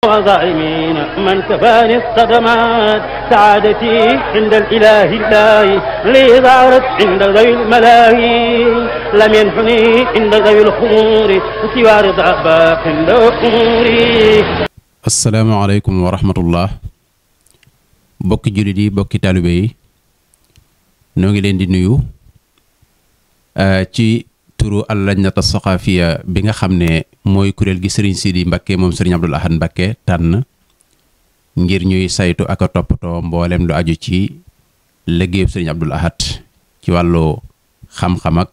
وظالمين من كفاني الصدمات سعادتي عند الإله الله لي ظهرت عند ذوي الملاهي لم ينحني عند ذوي الخمور سوى رضا باق أموري السلام عليكم ورحمة الله bokki jullit yi bokki taalibe yi noo ngi leen di nuyu ci turu Al-Lajnat As-Saqaafiya bi nga xam ne mooy kuréel gi sëriñ Sidi Mbacke moom sëriñ Abdoul Ahad Mbacke tànn ngir ñuy saytu aka toppatoo mbooleem lu aju ci liggéeyu sëriñ Abdoul Ahad ci wàllu xam-xam ak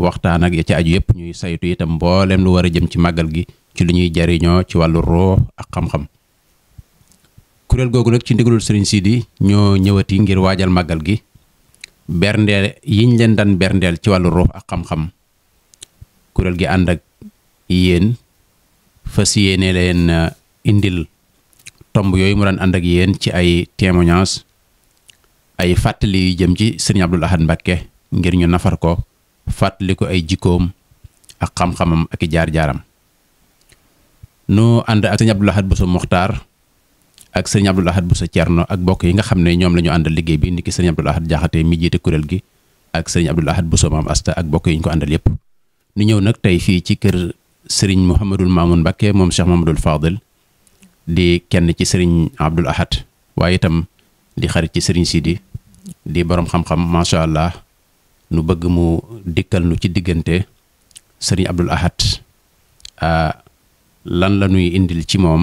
waxtaan ak ya ci aju yëpp ñuy saytu itam mbooleem lu war a jëm ci màggal gi ci lu ñuy jariñoo ci wàllu ruux ak xam kuréel googu nag ci ndigalul sëriñ Sidi ñoo ñëwati ngir waajal màggal gi berndeel yiñ leen daan berndeel ci wàllu ruux ak xam-xam kuréel gi ànd ak yéen fas yéene leen uh, indil tomb yooyu mu daan ànd ak yéen ci ay témoignages ay fàttali yu jëm ci sëriñ Abdul Ahad Mbacké ngir ñu nafar ko fàttali ko ay jikkoom ak xam-xamam ak i jaar-jaaram nu ànd ak sëriñ Abdul Ahad Bousso Mokhtar ak sëriñ Abdul Ahad Bousso Thierno ak bokk yi nga xam ne ñoom la ñu àndal liggéey bi niki sëriñ Abdul Ahad Jaxate mi jiite kuréel gi ak sëriñ Abdul Ahad Bousso Maam Asta ak bokk yi ko àndal yépp ñu ñëw nag tey fii ci kër sëriñ Mouhamadul Mamoun Mbakke moom Cheikh Mouhamadul Fadil di kenn ci sëriñ Abdul Ahad waaye itam di xarit ci sëriñ Sidi di borom xam-xam macha allah nu bëgg mu dikkal nu ci diggante sëriñ Abdul Ahad ah, lan la nuy indil ci moom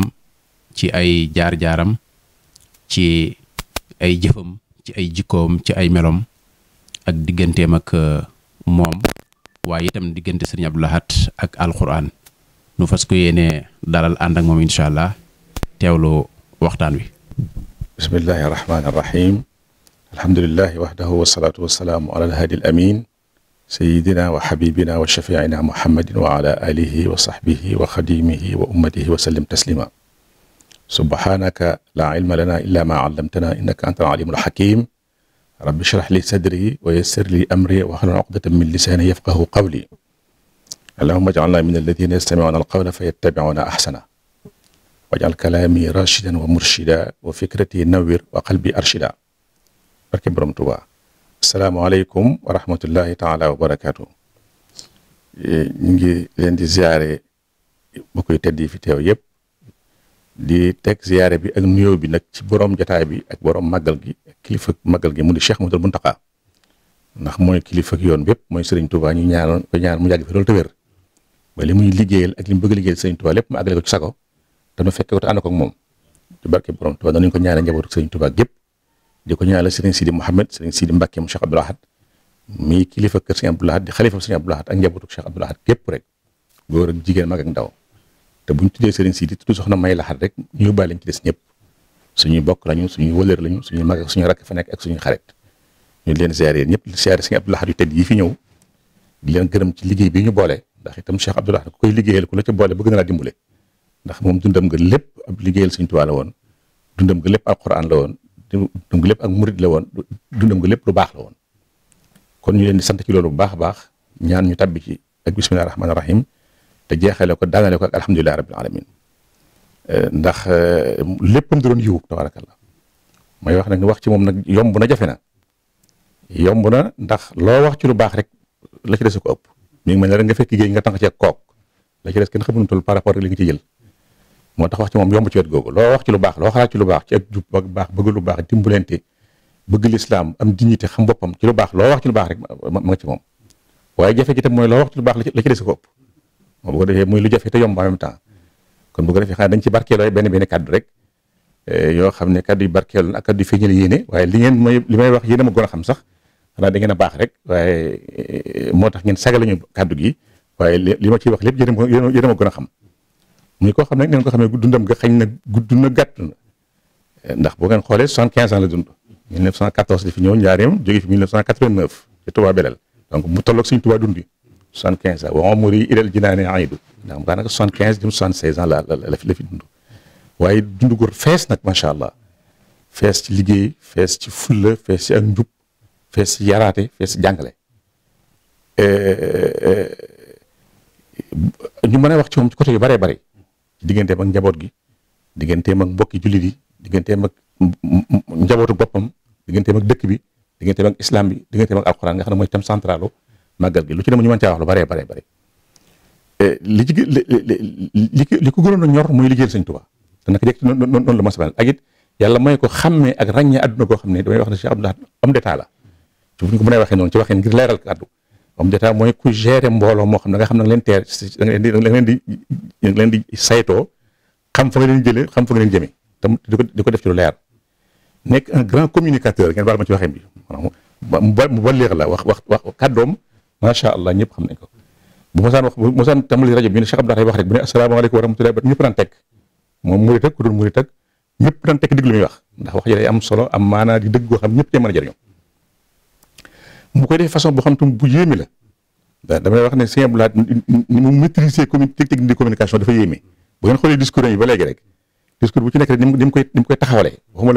ci ay jaar-jaaram ci ay jëfam ci ay jikkoom ci ay meloom ak digganteem ak moom waaye itam diggante sëriñ Abdou Lahad ak alxuraan nu fas ko yéene dalal moom incha allah teewlu waxtaan wi. bismillahi rahmaani rahim alhamdulilahi wahdahu wasalaatu wasalaamu ala alhaadi al amin sayidina wa xabibina wa shafiina muhammadin wa ala alihi wa saxbihi wa xadimihi rabbi shrah li sadri wa yassir li amri wahlul uqdatan min lisani yafqahu qawli allahumma ij'alna min alladhina yastami'una alqawla fayattabi'una ahsana waj'al kalaami rashidan wa murshida wa fikrati nawwir wa qalbi arshida barke borom Tuubaa asalaamaaleykum wa rahmatullahi taala wa barakaatu ñu ngi leen di ziare bokk yu tedd yi fi teew yëpp di teg ziyaare bi ak nuyoo bi nag ci boroom jataay bi ak borom màggal gi ak kilifa màggal gi mu di Cheikh Mouhamadoul taxa ndax mooy kilifa yoon bépp mooy Serigne Touba ñu ñaanoon ko ñaan mu yàgg fi loolu te wér ba li ak li mu bëgg liggéeyal Serigne Touba lépp mu àggale ko sago te nu fekke ko te ànd ko ak moom di barke borom Touba ko ñaanal njabootu Serigne Touba gépp di ko ñaanal Serigne Sidi Mouhamed Serigne Sidi Mbacke mu Cheikh Abdoul Ahad mi kilifa kër Serigne di xalifa Serigne Abdoul Ahad njabootu Cheikh Abdoul Ahad rek góor ak jigéen mag ak te buñ tuddee sëriñ Sidi tudd soxna May Laxaat rek ñu yóbbaale ñu ci des ñëpp suñu bokk lañu suñu wëlër lañu suñuy mag ak suñu rakk fa nekk ak suñu xarit ñu leen ziare ñëpp ziare sëriñ Abdou Lahat yu yi fi ñëw di leen ci liggéey bi ñu boole ndax itam Cheikh Abdou Lahat ku koy liggéeyal ku la ci boole bëgg a laa dimbale ndax moom dundam nga lépp ab liggéeyal Sëriñ Tuubaa woon dundam nga lépp alxuraan la woon dundam nga lépp ak murid la woon dundam nga lépp lu baax la woon kon ñu leen di sant ci loolu bu baax a baax ñaan ñu tabbi ci ak bismillaahi rahmaani rahim te jeexale ko daanale ko ak alhamdulilah rabbil alamin eh, ndax eh, léppam di doon yiw tabarakallah may wax nag ni wax ci moom nag yomb na jafe na yomb na ndax loo wax ci lu baax rek la ci des ko ëpp mi ngi mel ne rek nga fekk géej nga tànq ci kook la ci des kenn xamuñu toll par rapport ak li nga ci jël moo tax wax ci moom yomb ci wet googu loo wax ci lu baax loo xalaat ci lu baax ci ak jub ak baax bëgg lu baax dimbalante bëgg lislaam am dignité xam boppam ci lu baax loo wax ci lu baax rek ma nga ci moom waaye jafe gi tam mooy lu baax la ci des ko ëpp bu ko defee muy lu jafe te yomb en même temps kon bu ko defee xanaa dañ ci barkeeloo benn benn kàddu rek eh, yoo xam ne kàddu yu barkeeloon ak kàddu yu feeñal yéene waaye li ngeen may li may wax yéen ma gën a xam sax xanaa da ngeen a baax rek waaye eh, moo tax ngeen sagale ñu kaddu gi waaye li ma ci wax lépp yéen a ma gën a xam muy koo xam ne ngeen ko xamee dundam nga xañ na gudd na gàtt na eh, ndax boo ngeen xoolee soixante quinze ans la dund 1914 di fi ñëw njaareem jóge fi 1989 ci Touba soixante quinze ans wa umri ilal jinaani aidu ndax mu daanaka soixante quinze jëm soixante seize ans la la fi la waaye dund góor fees nag macha allah fees ci liggéey fees ci fulla fees ci ak njub fees ci yaraate fees ci jàngale eh, eh, ñu mën a wax ci moom ci côté yu bëree bëri digganteem ak njaboot gi digganteem ak mbokki julli yi digganteem ak njabootu boppam digganteem ak dëkk bi digganteem ak bi digganteem ak alxuraan nga xam ne mooy thème central màggal gi lu ci dem ñu mën caa wax lu bare bare bare li ci li li ko gënoon a ñor muy liggéeyal sëñ Tuubaa te naka jekk noonu noonu la mos a mel ak it yàlla may ko xàmmee ak ràññee àdduna koo xam ne damay wax ne Cheikh Abdoulaye am d'état la ko mënee waxee ci waxee ngir leeral kàddu am d'état mooy ku gérer mbooloo moo xam ne nga xam ne leen teer da leen di da xam fa nga leen jëlee xam fa nga leen jëmee tam di ko di ko def ci lu leer nekk un grand communicateur ngeen baal ma ci waxee bi mu balleex la wax wax wax kàddoom macha allah ñëpp xam nañ ko bu mosaan wax bu mosaan tàmbali rajo bi ñu ne Cheikh Abdoulaye wax rek bu ne asalaamaaleykum wa rahmatullahi ñëpp daan teg moom murit ak ku dul murit ak ñëpp daan teg diglu muy wax ndax wax ji am solo am maanaa di dëgg goo xam ñëpp cee mën a jëriñoo mu koy defee façon boo xam tam bu yéeme la da damay wax ne Cheikh Abdoulaye ni mu maîtriser commun technique de communication dafa yéeme bu ngeen xoolee discours ba léegi rek discours bu ci nekk rek ni mu koy taxaw mu koy taxawalee waxuma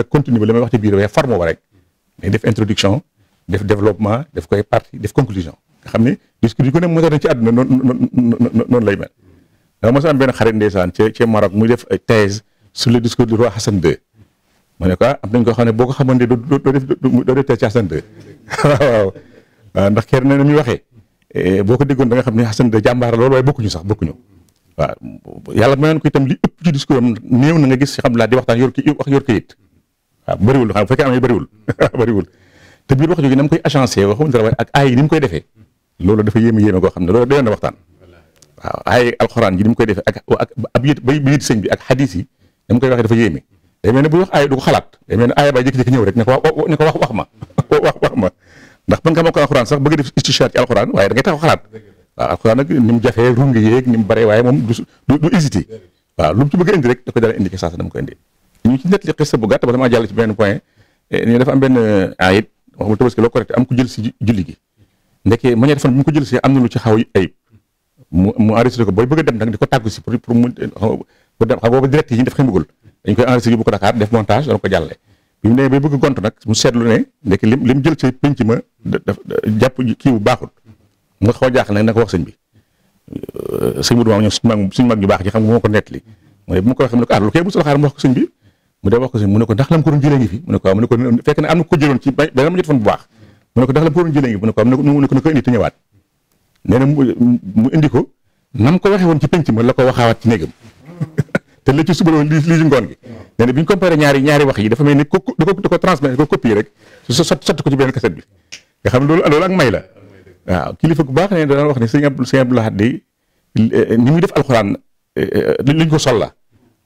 la wax ci biir waaye forme ba rek def introduction def développement def koy partie def conclusion nga xam ne discours yi ko ne mos a def ci àdduna noonu noonu lay mel dama mos a am benn xarit ndeysaan ci ci def ay thèse le discours du roi Hassan II ma ne ko ah, am nañ ko xam ne boo ko xamoon ne doo doo def doo def thèse ci Hassan II ah, ndax kenn ne na muy waxee eh, boo ko déggoon da xam ne Hassan II jàmbaar loolu waaye bokkuñu sax bokkuñu waaw yàlla mayoon ko itam li ëpp ci discours am na nga gis xam laa di waxtaan yor wax yor kayit waaw bëriwul xam bu fekkee am na bëriwul te biir wax jooju na mu koy agencé waxuñu dara waaye ak ay ni mu koy defee loolu dafa yéeme yéeme koo xam ne loolu dayoon na waxtaan waaw ay alxuraan ji ni mu koy defee ak ak bi ak xadis yi ni koy waxee dafa yéeme day mel ne bu wax aaya du ko xalaat day mel ne aaya ba jékki-jékki ñëw rek ne wax ne wax wax ma wax wax ma ndax mën nga mokkal alxuraan sax bëgg def istishaar ci alxuraan waaye da ngay taxaw xalaat waaw alxuraan nag ni mu jafee rungi yéeg ni mu waaye moom du du hésité waaw lu mu ci bëgg indi rek da ko dala indi ci saasa dama ko indi ñu ci nettali xista bu gàtt ba dama ci benn point ñu eh, dafa am benn eh, ayit wax ma am ku jël si julli gi ndeke manière fan ko jël see am na lu ci xaw ayib mu mu enregistré ko booy bëgg dem nag di ko tàggu si pour pour mu pour dem xam boobu direct yi daf koy bëggul dañ koy enregistré ko bi mu nee bay bëgg gont nag mu ne ndeke lim lim jël ci penc ma daf jàpp kii bu baaxul mu nga a jaaxle nag na ko wax sëñ bi euh, sëñ Modou baax ji xam nga moo ko ne ko waxee ne ko ah ko sëñ bi mu dem ne ko ne ko ne fekk ne am na ko jëloon ci benn ma jot fan bu baax mu ne ko dax la booroon jëlee mu ne ko am na ko indi te ñëwaat nee na mu indi ko nam ko waxee woon ci penc ma la ko waxaawaat ci néegam te la ci suba la woon lii lii ngoon gi nee na bi ñu comparé ñaari ñaari wax yi dafa mel ni ko da ko da ko transmettre ko copier rek su sotti ko ci beneen cassette bi nga xam loolu loolu ak may la waaw kilifa bu baax ne na daan wax ne sëñ Abdou sëñ Abdou Lahad di ni muy def alxuraan eh, eh, li ñu ko sol la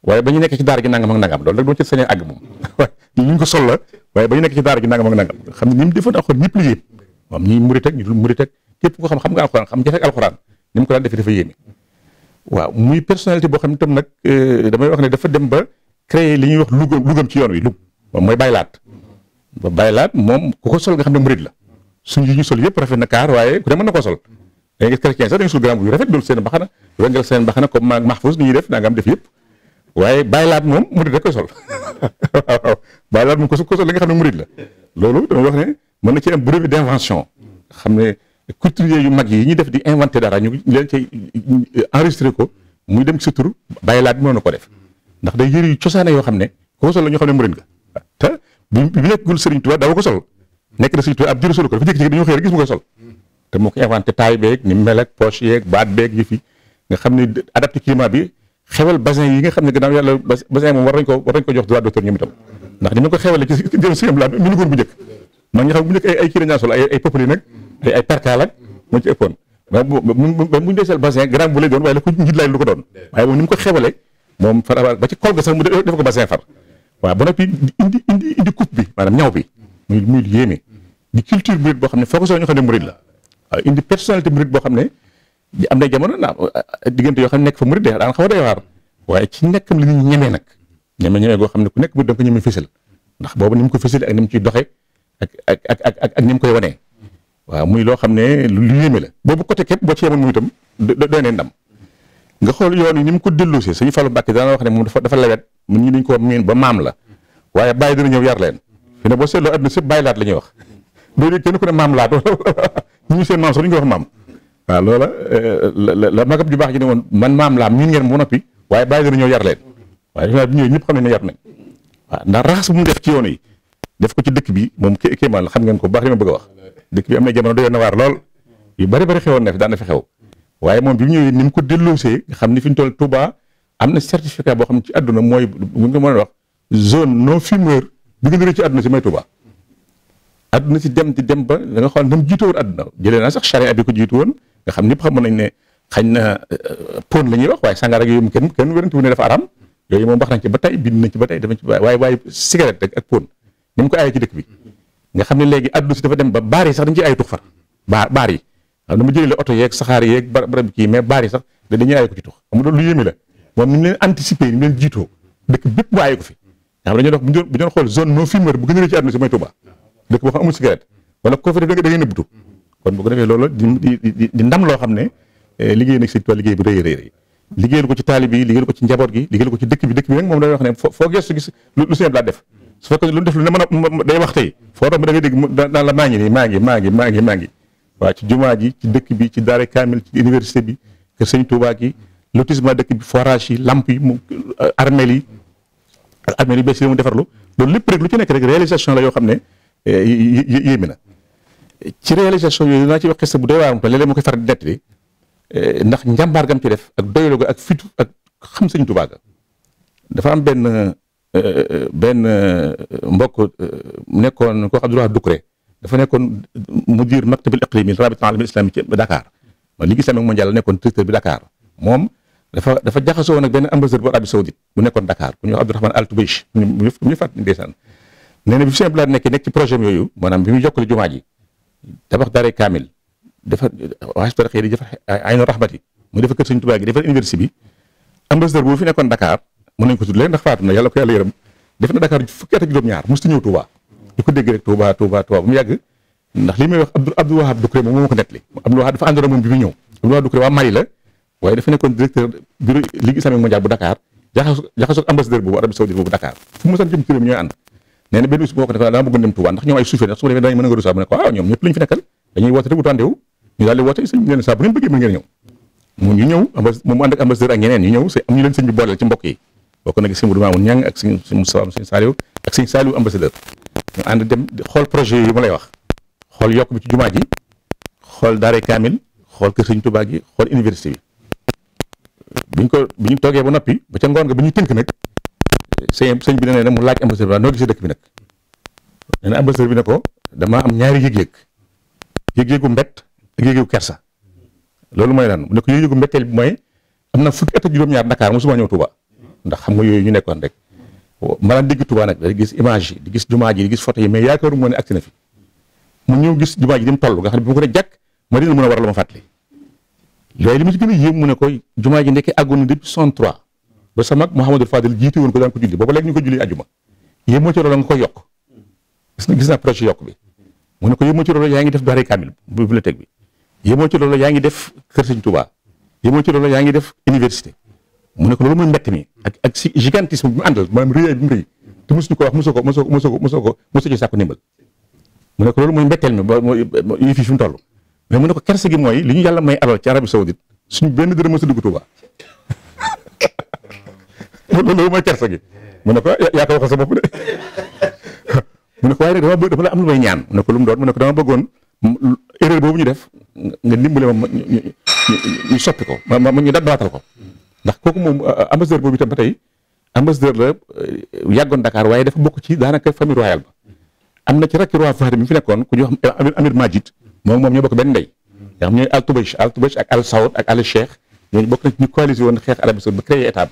waaye ba ñu nekk ci daara gi nangam ak nangam loolu rek doo ci sañ a àgg moom ñu ko sol la waaye ba ñu nekk ci daara gi nangam ak nangam xam ne ni mu defoon alxuraan ñëpp xam xam nga alxuraan xam mu waaw muy personnalité boo xam ne tam nag euh, damay wax ne dafa dem ba li ñuy wax lugam lugam ci yoon wi lug moom mooy baylaat ba baylaat moom ku ko sol nga xam ne la ñu sol yëpp rafet na kaar waaye ku na koo sol da nga gis chrétien sax dañu sol grand bu rafet dul seen def naa am def yëpp waaye bàyyilaat moom murid rek koy sol waaw moom ko su ko sol li nga xam ne murid la loolu dama wax ne mën na ci am brevet d'invention xam ne couturier yu mag yi ñuy def di inventé dara ñu leen cay euh, enregistré ko muy dem ci sa tur bàyyilaat na ko def ndax day yëri yu cosaane yoo xam ne ko sol la ñu xam ne murid nga te bi nekkul Serigne Touba daaw ko sol nekk na Serigne Touba ab jëru solo ko dafa jékki-jékki dañoo xëy rek gis mu koy sol te moo ko inventé taille beeg ni mu mel ak poche yeeg baat beeg yi fi nga xam ne adapté climat bi xewal bassin yi nga xam ne gannaaw yàlla bassin moom war nañ ko war nañ ko jox droit docteur ñoom itam ndax ni ma ko bu njëkk man nga xam bu ko njiit ko doon waaye moom ni mu ko xewalee moom far ba ci kol ga sax mu def ko bassin far waaw ba noppi indi indi indi ñaw bi muy muy yéeme di culture murid boo xam ne foo soo ñu xam ne murid la waaw indi personnalité murid boo xam ne am na jamono na uh, uh, diggante yoo xam nekk fa murid de daan xaw a waaye ci nekkam li ñu ñemee nag ñeme ñeme goo xam ne ku nekk murid da nga ko ñeme ndax boobu ni mu ko fësal ak ni mu ciy doxee ak ak ak ak ak muy loo xam ne lu yéeme la boobu côté képp boo ci yemoon tam itam doy ne ndam nga xool yoon yi ni mu ko delloosee suñu Fallou Mbacke daana wax ne moom dafa dafa lawet mun ñu dañ ko miin ba maam la waaye bàyyi dina ñëw yar leen fi ne boo seetloo adduna sëpp bàyyi laat la ñuy wax doo kenn ku ne maam laat wala ñu seen maam sax duñ ko waaw loola eh, la magam ju baax ji ne woon man maam laam ñun ngeen mu noppi waaye bàyyi leen ñoo yar leen waaye defe naa bi ñëwee ñëpp xam nañ ne yar nañ waaw ndax raxas bu mu def ci yoon yi def ko ci dëkk bi moom kéemaan la xam ngeen ko baax li ma bëgg a wax dëkk bi am na jamono waar lool yu bari bari xewoon na fi na fi xew waaye moom bi ñëwee ni mu ko delloosee xam ni fi ñu toll Touba am na certificat boo xam ne ci àdduna mooy bu nga mën a wax zone non fumeur bi nga nëree ci àdduna si mooy Touba àdduna si dem di dem ba da nga xool na mu jiite woon sax charia bi ko jiitu woon nga xam ñëpp xam nañ ne xañ na euh, pon la ñuy wax waaye sàngara ak kenn kenn wérantu ne dafa moom wax nañ ci ba tey bind nañ ci ba tey dafa ci waaye waaye cigarette rek ak pon ni mu ko ayee ci dëkk bi nga xam ne léegi addu si dafa dem ba baar yi sax dañ ci ay tux far ba baar yi waaw dama jëlee la oto yeeg saxaar yeeg barab kii mais baar yi sax da dañuy ay ko ci tux xam nga lu yéeme la moom ni mu leen anticiper ni mu leen jiitoo dëkk bépp mu ay ko fi nga xam dañoo dox bu ñu bu gën a ci àdduna si mooy Touba dëkk boo xam amul cigarette wala koo fi def kon bu ko defee loolu di di di ndam loo xam ne eh, liggéey nag Sëriñ Tuubaa liggéey bi rëy rëy rëy liggéeyal ko ci taalib yi liggéeyal ko ci njaboot gi liggéeyal ko ci dëkk bi dëkk bi nag moom day wax ne foo gëstu gis lu seen laa def su a wax tey foo tax da ngay dégg naan la ngi maa ngi maa ngi maa waaw ci jumaa ji dëkk bi ci daara kaamil ci université bi kër Sëriñ Tuubaa gi lotissement dëkk bi forage yi lamp yi mu euh, armel yi armel yi bees yi mu defarlu loolu lépp rek lu ci nekk rek réalisation la yoo xam ne eh, yéeme na ci réalisation yooyu naa ci wax kese bu doy waar léeg-léeg ma koy faral di eh, ndax njàmbaar gam ci def ak doylu ga ak fitu ak xam sëñ Tuubaa dafa am benn eh, benn eh, mbokk nekkoon koo xam ne Ducré dafa nekkoon mudir maktabil iqlimi rabita alami islami ci Dakar man ligue islamique mondiale nekkoon directeur bi Dakar moom dafa dafa jaxasoo woon ak benn ambassadeur bu Arabie Saoudite bu nekkoon Dakar ku ñuy wax Abdourahman Al Tubeish ñu ñu fàttali ndeysaan nee na bi fi sëñ Abdoulaye nekkee nekk ci projet am yooyu maanaam bi muy jokkale jumaa ji tabax daaray kaamil defar waastar xëy di defar ay na raxmati mu defar kër sëñ Tuubaa gi defar université bi ambassadeur boobu fi nekkoon Dakar mën nañ ko tudd léegi ndax faatum na yàlla ko yàlla yërëm def na Dakar fukki at ak juróom-ñaar musta ñëw Touba di ko dégg rek Touba mu yàgg ndax li may wax Abdou Abdou Wahab Doucouré moom moo ko nettali Abdou Wahab dafa àndoon moom bi mu ñëw Abdou Wahab Doucouré waa Mali la waaye ambassadeur boobu Arabie Saoudite boobu Dakar fu mu san jëm turam ñooy ànd nee na benn bis boo ko defee daa bëggoon dem Touba ndax ñoom ay suufee ndax su ko defee danañ mën a nga rusaa mu ne waaw ah ñoom ñëpp lañ fi nekkal dañuy woote rek bu ñu daal di woote sëñ ñëw mu ñu ñëw moom mu ànd ak ambassadeur ak ñeneen ñu ñëw am sëñ bi booleel ci mbokk yi bokk nag sëñ Modou Mamoun Niang ak sëñ Moustapha ak sëñ Saliou ambassadeur ñu ànd dem xool projet yi ma lay wax xool yokk bi ci jumaa ji xool daare kaamil xool kër sëñ Touba gi xool université bi buñ ko bi ñu toogee ba noppi ba ca ngoon nga ba tënk nag sëñ sëñ bi nee na mu laaj ambassadeur bi nag nee na bi ne ko damaa am ñaari yëg-yëg yëg-yëgu mbett ak yëg-yëgu kersa loolu mooy lan mu ne yëg-yëgu mbetteel bi mooy am na fukki at ak juróom-ñaar Dakar mosuma ñëw Touba ndax xam nga yooyu ñu nekkoon rek ma daan dégg Touba nag da gis image yi di gis jumaa ji di gis photo yi mais yaakaaru moo ne agsi na fi mu ñëw gis jumaa ji di mu toll nga xam ne bu ma ko ne jàkk ma dina mën a war la ma fàttali a yéem mu ne ko ba sa mag Mouhamadou Fadil jiite woon ko daan ko julli booba léegi ñu ko julli ajuma yéemoo ci loolu nga ko yokk gis na gis naa projet yokk bi mu ne ko yéemoo ci loolu yaa ngi def daara kaamil bu bibliothèque yaa ngi def kër Sëñ Touba yéemoo ci loolu yaa ngi def université mu ne ko loolu mooy mi ak ak si gigantisme bi ko wax mosoo ko mosoo ko mosoo ko mosoo ko mosoo ci sàkku ndimbal mu ne ko ba mooy yii fii fi toll mais mu ne ko mooy li ñu yàlla may alal ci Arabie Saoudite suñu benn dërëm mësa dugg Touba loolu mooy kersa gi mu ne ko yaa ko waxal sa bopp de mu ne ko waaye dama bëgg dafa la am lu may ñaan mu ne ko lu mu doon mu ne ko dama bëggoon erreur boobu ñu def nga dimbale ma ñu soppi ko ma ñu dabaatal ko ndax kooku moom ambassadeur boobu itam ba tey ambassadeur la euh, yàggoon Dakar waaye dafa bokk ci daanaka na ci rakki roi Fahd fi nekkoon ku ñuy wax Amir Majid moom moom ñoo bokk benn ndey nga xam ñooy Al Toubache Al ak Al Saoud ak Al Cheikh ñooñu bokk na ci ñu coalisé woon xeex Arabie Saoudite ba créé état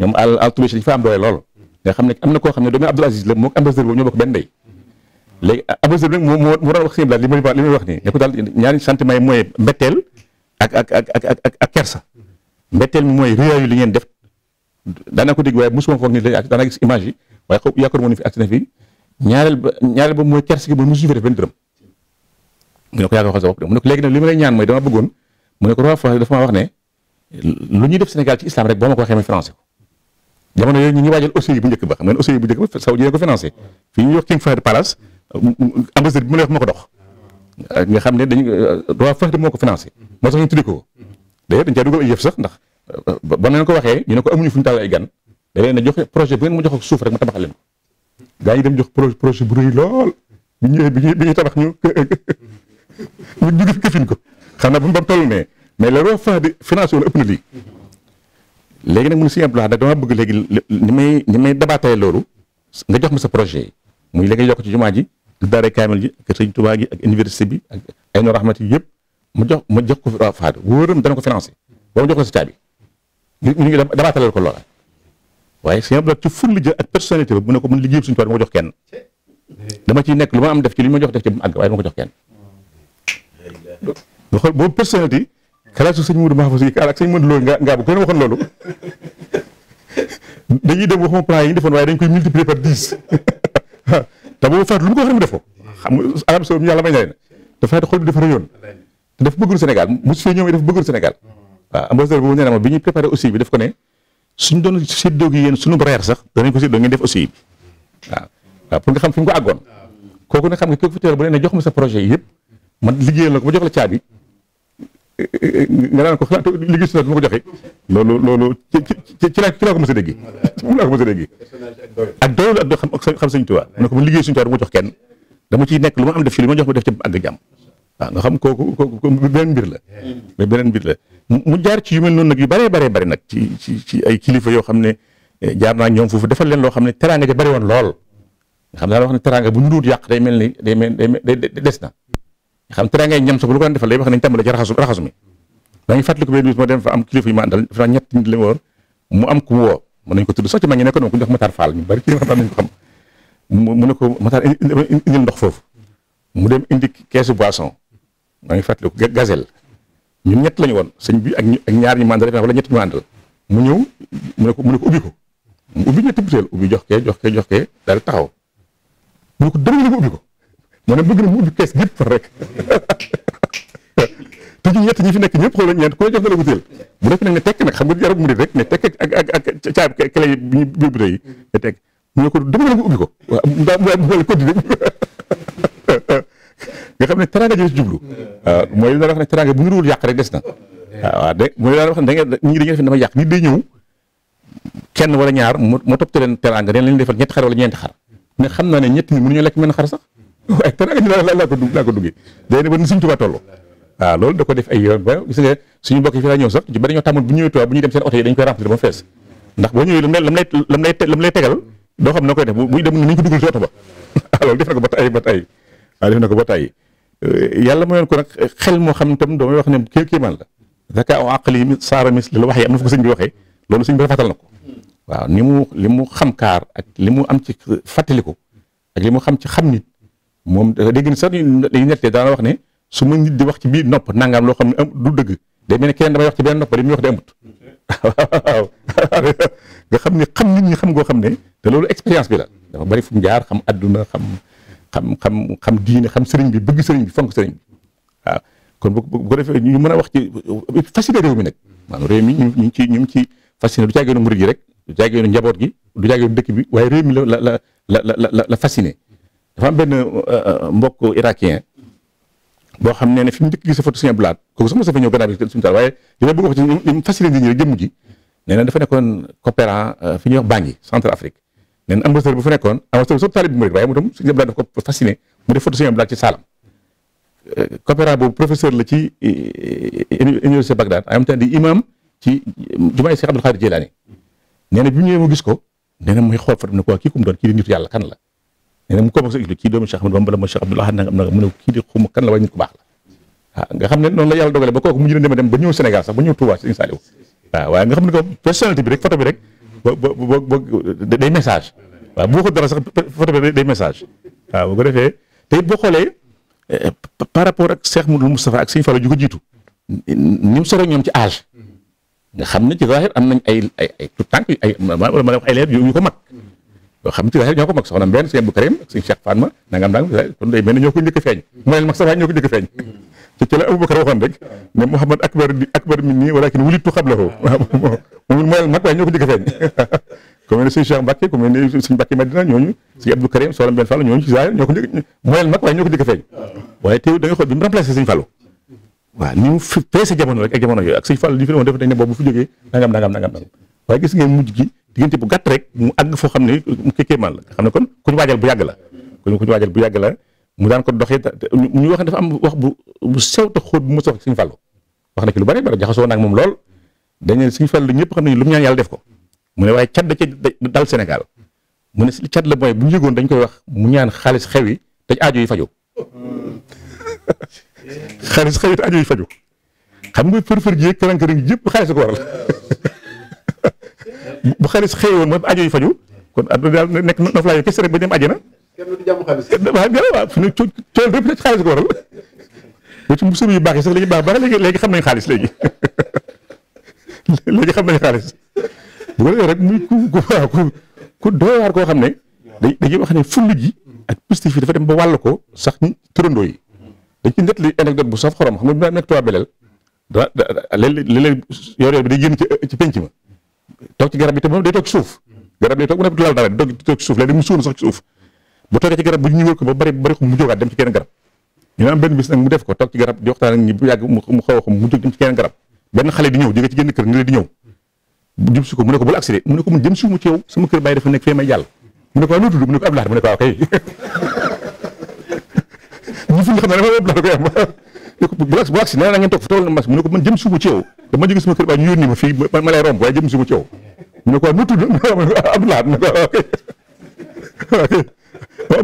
ñoom al altruisme dañ fa am doole lool nga xam ne am koo xam ne doomu Abdoul Aziz la moom ambassadeur boobu ñoo bokk benn ndey léegi ambassadeur moo moo doon wax seen li may li may wax nii ne ko daal ñaari sentiment yi mooy mooy li ngeen def daanaa ko dégg waaye mosuma foog ni la daanaa gis image yi waaye xaw yaakaar moo ne fi acte na fi ñaareel ba mu ne ko yaakaar xol sa bopp mu ne léegi nag li ma lay ñaan mooy dama bëggoon mu ne ko roi français dafa ma wax ne lu ñuy def Sénégal ci islam rek boo ma ko waxee ma français jamono yooyu ñu ngi waajal OCI bu njëkk ba xam ngeen OCI bu njëkk ba Saoudi yee ko financé fii ñuy wax King Fahd Palace bi mu lay wax moo ko dox nga xam ne dañu euh, roi Fahd moo ko financé moo tax ñu ko d'ailleurs dañ caa dugal ay yëf sax ndax euh, ba neen ko waxee ñu ne ko amuñu fu ñu tàll ay gan da leen jox projet bu ngeen ma jox suuf rek ma tabaxal leen gaa yi dem jox projet bu rëy lool bi ñëwee bi tabax ñu ñu gëfin ko xam naa ba mu toll ne mais le roi Fahd financé wala ëpp na lii léegi nag mun si implant da bëgg léegi ni may ni may dabaatee loolu nga jox ma sa projet yi muy léegi yokk ci jumaa ji ak daara kaamil ji ak sëñ ak université bi ak ay no rahmat yi yëpp ma jox ma jox ko waa Fadu wóoram dana ko financé ba ma jox ko si caabi ngi ñu dabaataleel ko loola waaye sëñ Abdoulaye ci ful jël ak personnalité ba mu ne ko mën liggéey suñu Tuubaa ma ko kenn dama ciy nekk lu ma am def ci li ma jox def ci bu mu àgg waaye ma ko jox kenn boobu personnalité xalaatu sëñ Modou Mahfouz yi ak sëñ Modou Lo ngaa bu ko leen waxoon loolu dañuy dem waxuma plan yi defoon waaye dañ koy multiplier par te boobu Fatou lu mu ko wax mu xam nga arab yàlla may na leen dafa xol bi dafa rëyoon te dafa bëggul Sénégal mosu fee ñoom yi dafa bëggul Sénégal waaw ambassadeur boobu nee na ma bi aussi bi daf ko ne suñ doon séddoo gi yéen suñu reer sax danañ ko séddoo ngeen def aussi bi waaw nga xam fi mu ko àggoon kooku nag xam nga kooku fi teewal bu ne jox ma sa projet yëpp man liggéeyal la ko ba jox la caabi nga naan ko xalaat liggéey sunna bi ma ko joxe loolu loolu ci ci laa ci laa ko mos a dégg moom laa ko mos a dégg ak doyul ak xam xam sëñ Tuubaa mu ne ko mu liggéey suñu Tuubaa du ma jox kenn dama ciy nekk lu ma am def ci li ma jox ma def ci àgg jàmm waaw nga xam kooku kooku beneen mbir la mais mbir la mu jaar ci yu mel noonu nag yi bëree bëree bëri nag ci ci ci ay kilifa yoo xam ne eh, jaar naa ñoom foofu defal leen loo xam ne teraanga ja bëri woon lool nga xam naa wax ne teraanga bu ñu duut yàq day mel ni day mel des na xam te daa ngay ñam sa bu lu ko daan defal day wax nañ tàmbale ci raxasu raxasu mi daa ngi fàttaliku benn bis ma dem fa am kilifa yu ma àndal fa mu am ko tudd sax ci mu ne ko Matar indil foofu mu dem indi keesu maa ngi fàttaliku gazelle ñun ñett lañu woon sëñ bi ak ak ñaar ñu ma àndal wala ñett ñu ma àndal mu ñëw mu ne ko mu ne ko ubbi ko mu ubbi ñetti butéel ubbi jox kee jox kee jox ke daal taxaw mu ne ko dëgg la nga ubbi ko moo ne bëgg na mu ubbi kees gépp far rek te ñett ñi fi nekk ñëpp xoolal ñeent ku ne jox na la butéel bu nekk nag ne tekk nag xam mu nit rek ne tekk ak ak ak caab clé yi biir butéel yi ne tekk mu ko dama la ubbi ko waaw daa xam ne teranga jëlee si jublu waaw mooy li nga wax ne teranga bu yàq rek des na waaw waaw de mooy li nga wax ne da ngeen ñii dañuy def dama yàq nit ñaar moo topp leen teranga dañ leen defal ñetti xar wala ñeenti xar ne xam naa ne ñett ñi mënuñu lekk mën xar sax waaye te nag la laa ko dugg laa loolu da ko def ba gis nga suñu mbokk yi fi sax ba dañoo bu ñëwee Tuubaa bu ñuy dem seen oto yi dañ koy remplir ba fees na koy def buy dem nañ ko dugal ci na ba tay ba tay waaw ko ba tay euh, yàlla mayoon ko nag xel moo xam tam damay wax ne kii kiimaan la zaka o aqli mi saara mis la wax yi am na fa ko sëñ bi waxee loolu sëñ bi fatal na ko waaw ni mu li mu xam kaar ak li mu am ci ko ak li mu xam ci xam nit moom dégg na sax dañuy nettee daana wax ne su ma nit di wax ci biir nopp nangaam loo xam ne am du dëgg day mel kenn damay wax ci benn nopp li muy wax di amut nga xam ne xam nit ñi xam ngoo xam ne te loolu expérience bi la dafa bari fu mu jaar xam adduna xam xam xam xam diine xam sëriñ bi bëgg sëriñ bi fonk sëriñ bi waaw kon bu ko defee ñu mën a wax ci fasciné réew mi nag maanaam réew mi ñu ngi ci ñu ngi ci fasciné du caageenu murid yi rek du caageenu njaboot gi du caageenu dëkk bi waaye réew mi la la la la la la fasciné dafa am benn euh, euh, mbokk irakien boo xam ne ne fi mu gis photo Sëñ Abdou Lahad kooku sax mos a fa waaye yéen a bëgg wax ci ni mu facilité nit ñi rek jëmm nekkoon coopérant euh, fi ñuy wax Bangui centre Afrique nee na ambassadeur fa nekkoon ambassadeur soo taalib bi mu rek waaye mu tam Sëñ Abdou Lahad ci saalam coopérant boobu professeur la ci université Bagdad en même temps di imam ci jumaay Cheikh Abdou Khadir Jilani nee na bi mu ñëwee gis ko nee na muy xool fa ne ko kii ku doon kii di nitu yàlla kan la nee na mu commencé expliqué kii doomu Cheikh Ahmadou Bamba la mooy Cheikh Abdoul Ahad nangam nangam mu ne kii di xuma kan la waaye nit ku baax la nga xam ne noonu la yàlla dogale ba kooku mujj na dem dem ba ñëw Sénégal sax ba ñëw Touba Serigne Saliou ko personnalité bi rek photo bi rek ba message waaw bu waxul dara sax photo bi day message waaw bu ko defee te it boo xoolee par rapport ak Cheikh mu Moustapha ak Serigne Fallou ju ko jiitu ni mu sore ñoom ci âge nga xam ne ci zahir am nañ ay ay ay tout tànk ay ma ma wax ay leer yu ko mag yoo xam ci zahir ñoo ko mag soxna Mbène sëñ Abdou Karim ak sëñ Cheikh Fatma nangam daal kon day mel ni ñoo ko njëkk a feeñ mu ne mag sa waay ñoo ko njëkk a feeñ te ci la Aboubacar waxoon rek ne Mouhamad akbar di akbar min nii walakin wulittu xablahu moom mooy mag waaye ñoo ko njëkk a feeñ ku mel ne sëñ Cheikh Mbacke ku mel ne sëñ Mbacke Madina ñooñu sëñ Abdou Karim soxna Mbène Fall ñooñu ci zahir ñoo ko njëkk mooy mag waaye ñoo ko njëkk a feeñ waaye teew da nga xool bi mu remplacé sëñ Fallou waaw ni mu feese jamono rek ak jamono yooyu ak sëñ Fallou li fi doon def dañ ne boobu fu jógee nangam nangam nangam waaye gis ngeen mujj gi diggante bu gàtt rek mu àgg foo xam ne mu kéemaan la xam ne kon ku ñu waajal bu yàgg la kon ku ñu waajal bu yàgg la mu daan ko doxee ñu wax dafa am wax bu bu sew te xóot bu mos a wax Sëñ Fallu wax na ci lu bari bari jaxasoo nag moom lool dañ ne Sëñ Fallu ñëpp xam nañu lu mu ñaan yàlla def ko mu ne waaye cat da ca dal Sénégal mu ne cat la mooy bu ñu yëgoon dañ koy wax mu ñaan xaalis xew yi te aajo yi faju xaalis xew yi te aajo yi faju xam nga fër-fër ji yëg këran këran yëpp ko waral bu xalis xëyoon mooy aajo yi faju kon àdduna daal nekk noflaayu kese rek ba dem àjjana. kenn du jàmm xaalis. waaw waaw fi ñu co coole lépp ci xaalis ko yu baax sax la ñuy baax ba léegi léegi xam nañ xaalis léegi léegi xam nañ xaalis bu ko defee rek muy ku ku ku koo xam ne. dañuy dañuy wax ne fulla ji ak positif yi dafa dem ba wàll ko sax ñu yi. dañ ci nettali anecdote bu saf xoroma xam nga daa nekk tubaab beleel. da da léeg-léeg bi day génn ci ci penc ma. toog ci garab bi te moom day toog ci suuf garab day mu ne du ci suuf bu toogee ci garab bu ñu wër ko ba bari bari xum mu jógaat dem ci garab ñu ne am benn bis nag mu def ko toog ci garab di waxtaan ak yàgg mu xaw a xum mu jóg dem ci keneen garab benn xale di ko mu ne ko bul accéder mu ne ko mun jëm suuf mu ci yow sama kër bàyyi dafa nekk fee may jàll mu ne ko loo tudd mu ne ko Abdoulaye mu ne ko waaw kay ñu fi nga xam ne dafa Abdoulaye ko yam ne ko bu bu wax si nee na ngeen toog fa toogal na mas mu ne ko man jëm suufu ci yow dama jóge sama kër ba ñu yónni ma fii ma lay romb waaye jëm suufu ci yow mu ne ko nu tudd Abdoulaye ne ko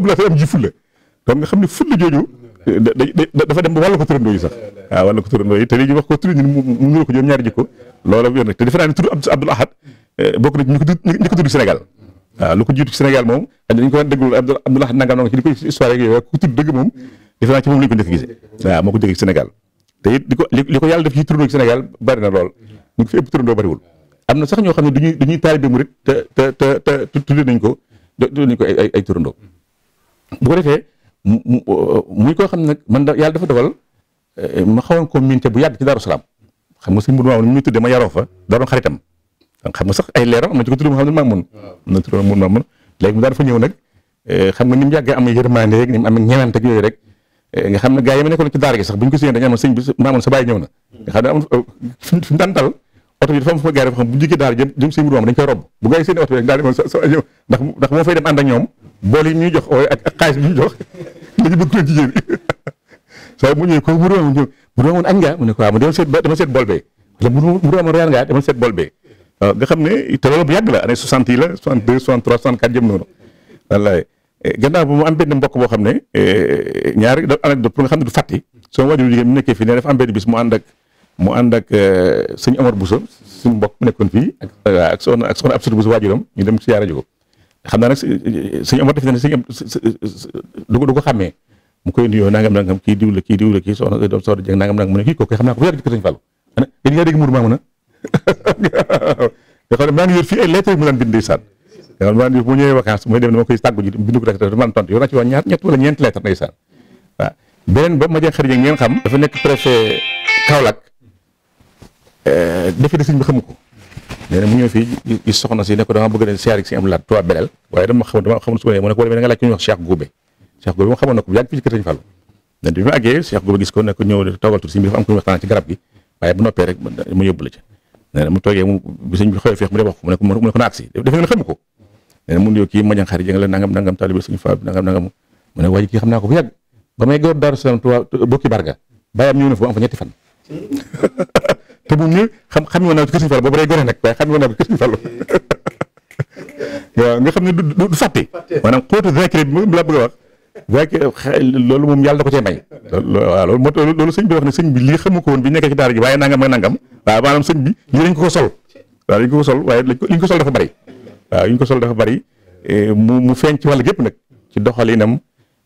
waaw am ne fulla jooju dafa dem ba wàllu ko turandoo yi sax waaw ah, wàllu ko turandoo yi te ñu wax ko tur ñun mu ngi ko juróom ñaari jikko loolu yoon te defe naa ne tudd Abdoul Ahad eh, bokk na ñu ko tudd Sénégal waaw lu ko jiitu ci Sénégal moom dañ ko dëggul Abdoulaye nangam nangam ci di ko histoire yeeg yooyu ku tudd dëgg moom defe ci moom lañ ko njëkk gisee waaw moo ko jëkk Sénégal te it di li ko yàlla def ci turandoo Sénégal bari na lool ñu ngi fi ëpp turandoo bariwul ñoo xam ne duñuy dañuy taalibe murit te te te te tuddee nañ ko tuddee nañ ko ay ay turandoo bu ko defee muy koo xam ne nag da yàlla dafa dogal eh, ma xawoon ko miinte bu yàgg ci Daaru Salaam xam nga suñ bu maaw ni mu ñu tuddee ma yaroo fa daroon xaritam xam nga sax ay leeral am na tudd Mouhamadou Mamoun am na tudd mu daan fa ñëw nag eh, xam nga ni mu am yërmande rek eh, nga xam ne gars yi ma na nga xam ne am eh, fi mu daan dal oto bi dafa am fa gars yi xam bu jógee daara jëm jëm sëñ bi dañ bu ndax ndax oh, bu ñëwee ko mu doon ñëw mu doon woon añ nga mu ne ko waaw mu dem seet seet bool bee wala mu doon woon reer nga dama seet bool bee waaw euh, nga xam ne te loolu bu yàgg la année soixante yi la soixante deux soixante trois soixante quatre jëm noonu wallaay eh, gannaaw bu mu am benn mbokk boo xam ne eh, ñaari anecdote pour nga xam ne du fàtti sama waajur jigéen mu nekkee fii ne dafa am benn bis mu ànd ak mu ànd ak eh, sëñ Omar Bousso suñu mbokk mu nekkoon fii ak ak soxna ak soxna Absou Bousso waajuram ñu dem si yaara jógo xam naa nag sëñ Omar def na ne sëñ du ko du ko xàmmee mu koy nuyoo nangam nangam kii diw la kii diw la kii soxna doom soxna jëng nangam nangam mu ne kii kooku xam naa ko bu yàgg jëkk sëñ Fallou yéen nga dégg mur maa mun a nga xam ne maa ngi yor fii ay lettre mu daan bind ndeysaan nga xam ne bu ñëwee vacances mooy dem dama koy tàggu ji bind ko rek dama daan tontu yor naa ci wax ñaar ñett ba ma jeex xarit xam dafa nekk préfet Kaolack defe euh, de sëñ bi xamu ko nee na mu ñëw fii soxna si ne ko dama bëgg leen siyaar si am laat trois belal waaye dama mu ne ko ko ñu yàgg fii kër sëñ Fallou ne dafa am ko ñu waxtaan ci garab gi waaye bu noppee rek mu yóbbu la ci nee na mu toogee mu sëñ bi xëy feex mu de wax ko mu ne ko mu ne ko na agsi defe ngeen xamu ko nee na mu nuyoo kii majan xarit jëng la nangam nangam taalibe suñu faal nangam nangam ne waaye kii xam naa ko bu yàgg ba may góor Daaru Salaam Tuubaa bokki barga bàyyam ñëw na fa ba am fa ñetti fan te bu ñu xam xam woon naa ko kër Sëñ Fallu boobu day gone nag waaye xam woon naa ko kër Sëñ Fallu nga xam ne du du fàtte maanaam xóotu zakir bi la bëgg a wax vek loolu moom yàlla da ko cee may waaw loolu moo loolu sëñ bi wax ne sëñ bi lii xamu ko bi nekkee ci daara ji waaye nangam ak nangam waaw maanaam sëñ bi lii lañ ko sol waaye lañ ko liñ ko sol dafa bari ko sol dafa bari e, mu mu feeñ ci wàll gépp nag ci doxalinam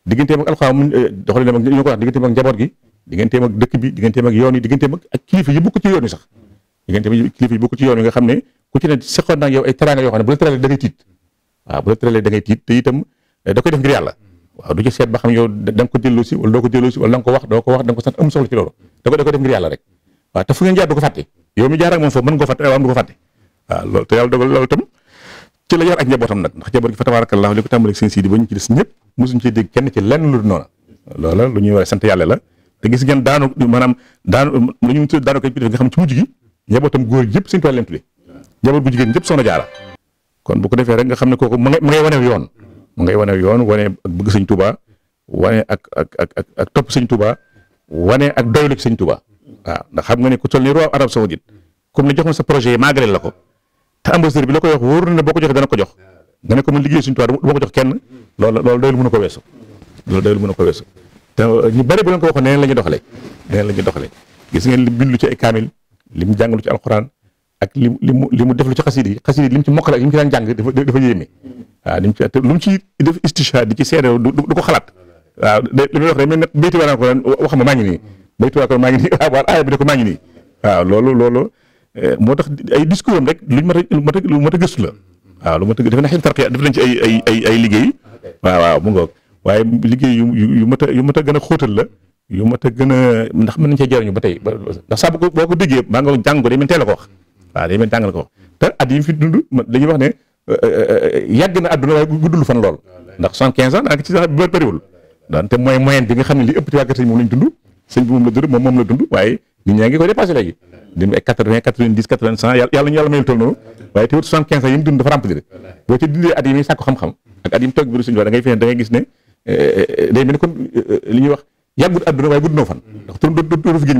digganteem ak alxaam e, doxalinam ak ñu ko wax digganteem ak njaboot gi digganteem ak dëkk bi digganteem ak yoon yi digganteem ak kilifa yi bokk ci yoon yi sax digganteem ak kilifa yi bokk ci yoon yi nga xam ne ku ci ne seqoon nag yow ay teraanga yoo xam da ngay tiit waaw bu e, yàlla waaw du ci seet ba xam yow da ko dellu si wala doo ko wax doo ko wax da ko sant am ci loolu da ko def nga la yar ak njabootam nag ndax njaboot gi fa tabarakallah li ko xam ci mujj gi njabootam ngay wane yoon mu ngay wane yoon wane ak bëgg sëñ Touba wane ak ak ak ak topp sëñ Touba wane ak doylu ci sëñ Touba waaw ndax xam nga ne ku toll ni roi arab saoudite comme ne jox ma sa projet yi maagaleel la ko te ambassadeur bi la ko wax wóor na ne boo ko dana ko jox nga ne ko man liggéey sëñ Touba du ma ko jox kenn loolu loolu doylu mënu ko weesu loolu doylu ko weesu te euh, ñu bëri bu leen ko waxoon neneen la ñuy doxalee neneen la ñuy doxalee gis ngeen li lu ci ay kaamil li mu jàngalu ci alxuraan ak li mu li mu li mu def lu ci xasida yi xasida yi li ci mokkale ak li mu ci daan jàng dafa dafa yéeme waaw li ci def istishaad di du ko xalaat waaw li muy wax rek mais béytu waa ko wax ma maa ngi nii maa ngi nii waaw aaya eh, moo tax ay discours am rek luñ mat mat a lu mat a gëstu la waaw lu mat a defe naa xel tarqiya def nañ ci ay ay liggéey waaw waaw ngoog waaye liggéey yu yu mat yu mat a gën a xóotal la yu mat a gën a ndax mën nañ cee jariñu ba tey ndax saa boo ko boo ko déggee maa nga jàng ko day mel teel a wax waaw day mel jàngal ko te at yi fi dund dañuy wax ne euh, euh, euh, yàgg na àdduna waaye guddul fan lool ndax soixante quinze ans daanaka ci sax ba bëriwul daan koy dépassé léegi dem quatre vingt dix quatre vingt cent yàlla ñu yàlla mayul toll noonu waaye te wut soixante quinze ans yi dund dafa remplir boo ci dindee at yi muy xam-xam ak at yi toog biiru suñu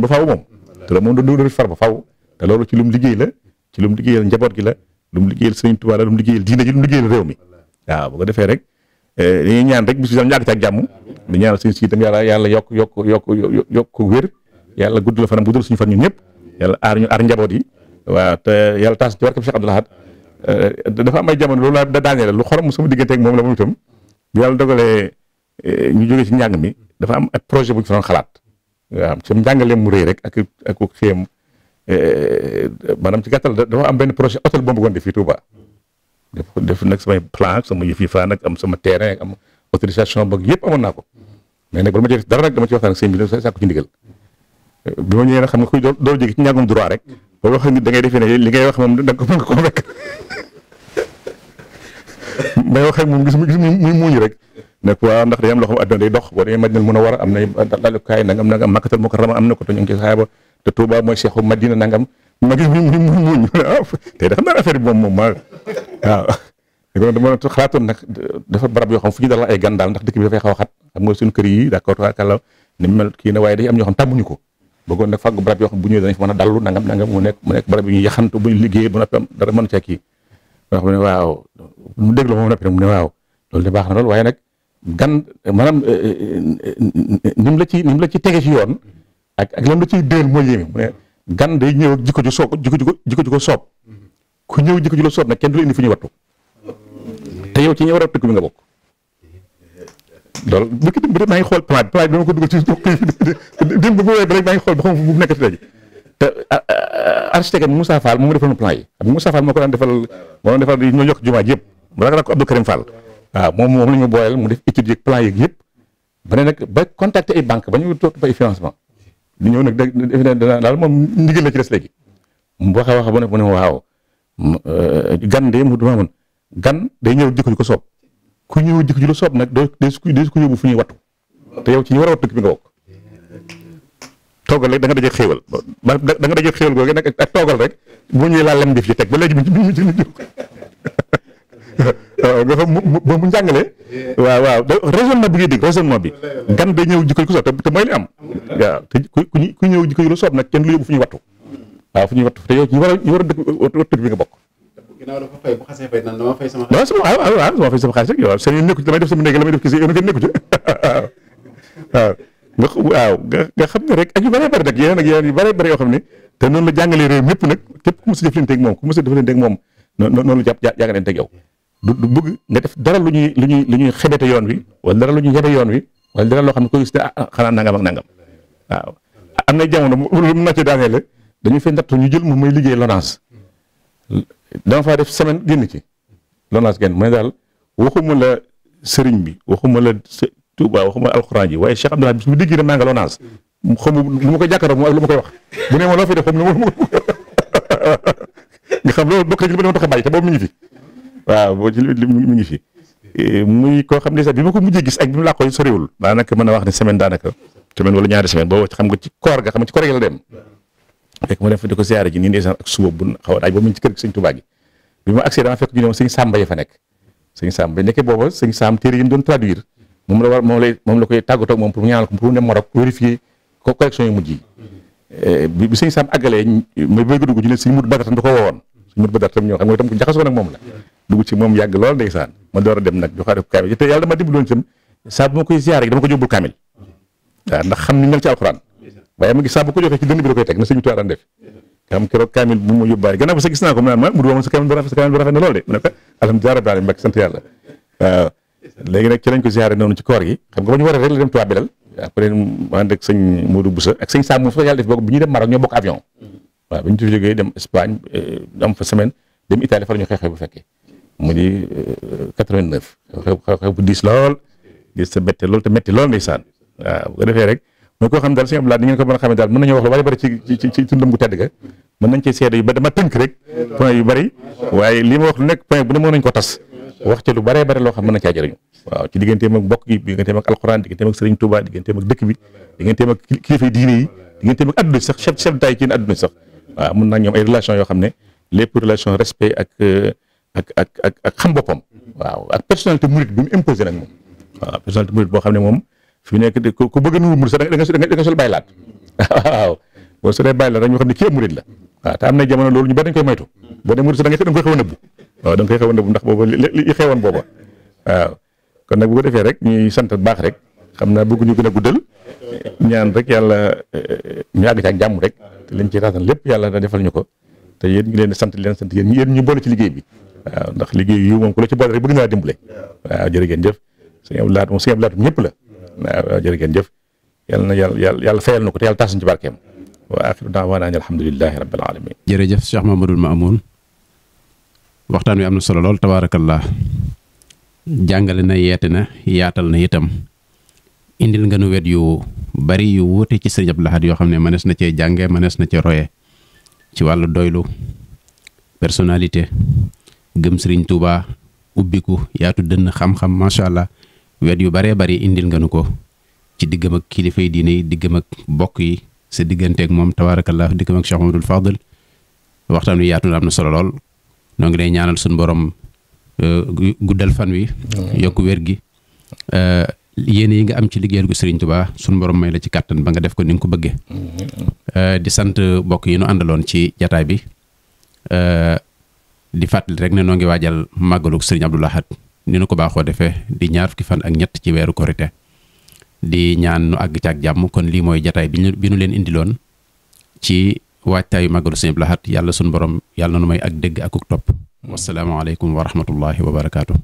ba faaw moom turam moom dootu fi far ba faaw te loolu ci lu mu liggéey la ci lu mu liggéeyal njaboot gi la lu mu liggéeyal la lu mu liggéeyal diine ji lu mu liggéeyal réew mi waaw bu ko defee rek eh, ñu ñaan rek bis bi sax ñu àgg ci ak jàmm di ñaanal sëñ si itam yàlla yàlla yokk yokk yokk yokk wér yàlla gudd la fanam guddal suñu fan ñun ñëpp yàlla aar ñu aar njaboot yi waaw te yàlla taas ci barkeb Cheikh Abdou eh, dafa am ay jamono loolu da daaneel lu xorom sama diggante ak moom la moom tam bu yàlla dogalee eh, ñu jógee ci njàng mi dafa am projet bu ñu xalaat waaw ci njàngaleem mu rëy rek ak ak Eh, eh, maanaam ci gàttal dafa am benn projet hôtel boobu bëggoon def fii Touba def def nag samay plan sama yëf yi faa nag am sama terrain am autorisation boog yëpp amoon naa ko mais nag bala ma ci def dara nag dama ci waxtaan ak sëñ bi sa sàkku ci eh, xam nga kuy doo jóge ci ñàggum boo wax da ngay defee ne li ngay wax moom da nga ko mën wax ak moom gis muy muuñ rek ne quoi ndax dañu am loo xam adduna day dox boo demee Madinal mën a war am na dalukaay nangam nangam makkatal moo am na ko te ñu ngi ci saaba te Touba mooy Cheikhu Madina nangam ma gis ñu mu muñ ah tey da xam moom ma waaw léegi nag dama xalaatoon nag dafa barab yoo xam fu ñu dalal ay gan ndax dëkk xaw xat xam nga suñu kër yi d'accord kàlla ni mel kii na waaye day am ñoo xam tàmmuñu ko bëggoon nag fàggu barab bu ñëwee danañ dallu nangam nangam mu nekk mu nekk barab yi ñu yaxantu bu ñu liggéey bu am dara mën cee kii ma xam ne waaw mu déglu moom noppi nag mu ne waaw loolu de baax na lool waaye nag gan maanaam eh, eh, eh, nim la ci nim la ci tege ci yoon ak ak lam da ciy déel mooy yéeme mu ne gan day ñëw ak jikko ju soo jikko ju jikko ju ko soob ku ñëw jikko ju la soob nag kenn du la indi fu ñuy wattu te yow ci ñi war a tëkk bi nga bokk loolu bu ki dem bi de maa ngi xool plan bi plan bi dama ko dugal ci mbokk yi dem bu wéy bi rek maa ngi xool ba xam bu nekk ci te architecte bi Moussa Fall moom defaloon plan yi xam nga Moussa Fall moo ko daan defal moo doon defal ñoo yokk jumaa ji yëpp mu daan ko Abdou Karim Fall waaw moom moom la ñu booleel mu def étude yeeg plan yeeg yëpp ba ne nag ba contacter ay banque ba ñu toog ay financement di ñëw nag da daal moom ndigal la ci des léegi mu waxa waxa ba ne mu ne waaw euh, gan de mu dama mën gan day ñëw jikko ko soob ku ñëw jikko ju la soob nag day su day su ko fu ñuy wattu te yow ci ñu war a wattu bi nga bokk toogal rek da nga daje xéewal da nga daje xéewal googu nag ak toogal rek bu ñuy laal lam def ci teg ba léegi duñ ci duñ ci nga xam mu mu mu njàngale. waaw waaw raisonnement bi ngay dégg raisonnement bi. gan day ñëw jikko ku soob te mooy li am. waaw te ku ku ñëw jikko lu soob nag kenn lu fu ñuy wattu. waaw fu ñuy wattu te war a bi nga bokk. ginnaaw dafa fay bu xasee fay nan dama fay sama. waaw sama waaw waaw dama fay sama xaalis rek yow seen yoon nekku ci def sama néeg la may def kii si yoon ngeen nekku ci waaw. nga xam ne rek ak yu bëree bëri yoo xam ne te noonu la jàngalee réew mépp nag képp ku mos a jëflanteeg moom ku mos a jëflanteeg moom noonu la jàpp jàngalanteeg yow du du bëgg nga def dara lu ñuy lu ñuy lu ñuy xebete yoon wi wala dara lu ñuy yebe yoon wi wala dara loo xam ne ko gis ne ah, ah xanaa nangam ak nangam am na jamono lu mu naajte daaneel dañu fay natt ñu jël moom mooy liggéey Lonase dama faa def semaine génn ci Lonase genn mooy daal waxuma la sëriñ bi waxuma la Tuuba waxuma la alxuraan ji waaye Cheikh Abdoulaye bis bu digg na maa nga Lonase xaw ma lu ma koy jàkkaarloo moom ak lu ma koy wax bu ne ma loo fay def xam ne moom nga xam loolu bokk na ci li tax a te boobu mi ngi waaw boo jël lim mi ngi fi. muy koo xam ne sax bi ma ko mujjee gis ak bi mu làqoo soriwul daanaka mën a wax ne semaine daanaka semaine wala ñaari semaine boo ga xam nga ci koor gi la dem fekk ma dem fa ak suba bu xaw a daaj nekk sëñ Sàmba nekkee booba sëñ Sàmb doon traduire moom la war moom lay moom la koy tàggatoo moom pour ñaanal ko pour ne Maroc vérifier eh, ko jaxasoo moom la dugg ci moom yàgg lool ndeysaan ma door a dem nag joxaare ko kaamil te yàlla dama dimbali woon itam saa bu ma koy ziare dama ko yóbbul kaamil waaw ndax xam ni mel ci alxuraan waaye ma gis saa bu ko joxee ci dënn bi da koy teg na sëñ Tuubaa def xam keroog kaamil bu ma yóbbaale gannaaw ba sa gis naa ko mu naan ma mu doon sa kaamil bu rafet sa kaamil bu rafet na lool de mu ne ko alhamdulilah rabbil alamin sant yàlla waaw léegi nag ci lañ ko ziare noonu ci koor gi xam nga ba ñu war a rek la dem Tuubaa Belal après ma ànd ak sëñ Modou Boussa ak sëñ Sam moom fa yàlla def bokk bi ñuy dem Maroc ñoo bokk avion waaw bi ñu jógee dem Espagne eh, am fa semaine dem Italie fa la ñu xeexee bu fekkee mu di 89. Euh, xew xew bu diis lool diis te métti lool te métti lool ndeysaan waaw bu ko defee rek mooy koo xam daal sëñ Abdoulaye ni a xamee daal mën nañoo wax lu ci rek yu bari waaye li ma wax nekk point bu ne mën nañ ko tas wax lu baree bari loo xam mën na caa jëriñu waaw ci digganteem ak mbokk yi digganteem ak alxuraan digganteem ak Serigne Touba digganteem ak dëkk adduna sax chef chef daay ci adduna sax waaw mën naa ñoom ay relation yoo xam ne lépp relation respect ak euh, ak ak ak ak xam boppam waaw ak personnalité murid bi mu imposé nag moom waaw personnalité murid boo xam ne moom fi nekk de ku bëgg nuru murid sax da nga da nga sol bàyyi laat waaw boo solee bàyyi laat rek ñu xam la am na jamono loolu ñu bari dañ koy boo dee murid xew a nëbbu waaw da nga koy xew a nëbbu ndax booba waaw kon nag bu defee rek ñu sant baax rek xam naa bëgg ñu gën a guddal ñaan rek yàlla eh, ñu àgg ci ak jàmm rek te liñ ci raatan lépp yàlla da defal ñu ko te yéen ñu leen sant leen sant yéen ñu boole ci liggéey bi waaw ndax liggéey yi moom ku la ci boole rek bëgg naa dimbale waaw jërë ngeen ñëpp la waaw jërë ngeen jëf yàlla na yàlla yàlla na ko te yàlla taas ñu ci barkeem wa axiru daawaana an alhamdulilahi rabbil alamin jërëjëf Cheikh Mamadou Mamoun waxtaan wi am na solo lool tabaarakallah jàngale na yeete na yaatal na itam indil nga nu wet yu bari yu wuute ci sa Abdou Lahad yoo xam ne nees na cee jànge nees na cee roye ci wàllu doylu personnalité gëm sëriñ Touba ubbiku yaatu dënn xam-xam macha allah wet yu baree bari indil nga nu ko ci diggam ak kilifay diine yi diggam ak bokk yi sa digganteeg moom tabaarakallah diggam ak Cheikh Mamadou Fadel waxtaan wi yaatu na am na solo lool noo ngi lay ñaanal suñ borom euh, guddal fan wi. yokk wér gi. Euh, yéen yi nga am ci liggéeyal gu sëriñ Touba sunu borom may la ci kàttan ba nga def ko ni nga ko bëggee. Euh, di sant mbokk yi nu àndaloon ci jataay bi. di fàttali rek ne noo ngi waajal màggalug sëriñ Abdou Lahad ni nu ko baaxoo defee di ñaar fukki fan ak ñett ci weeru korite di ñaan nu àgg ci ak jàmm kon lii mooy jataay bi ñu bi ñu leen indiloon ci waajtaayu màggalu sëriñ Abdou Lahad yàlla sunu borom yàlla na nu may ak dégg akuk topp wassalaamu aleykum wa rahmatullahi wa barakaatu.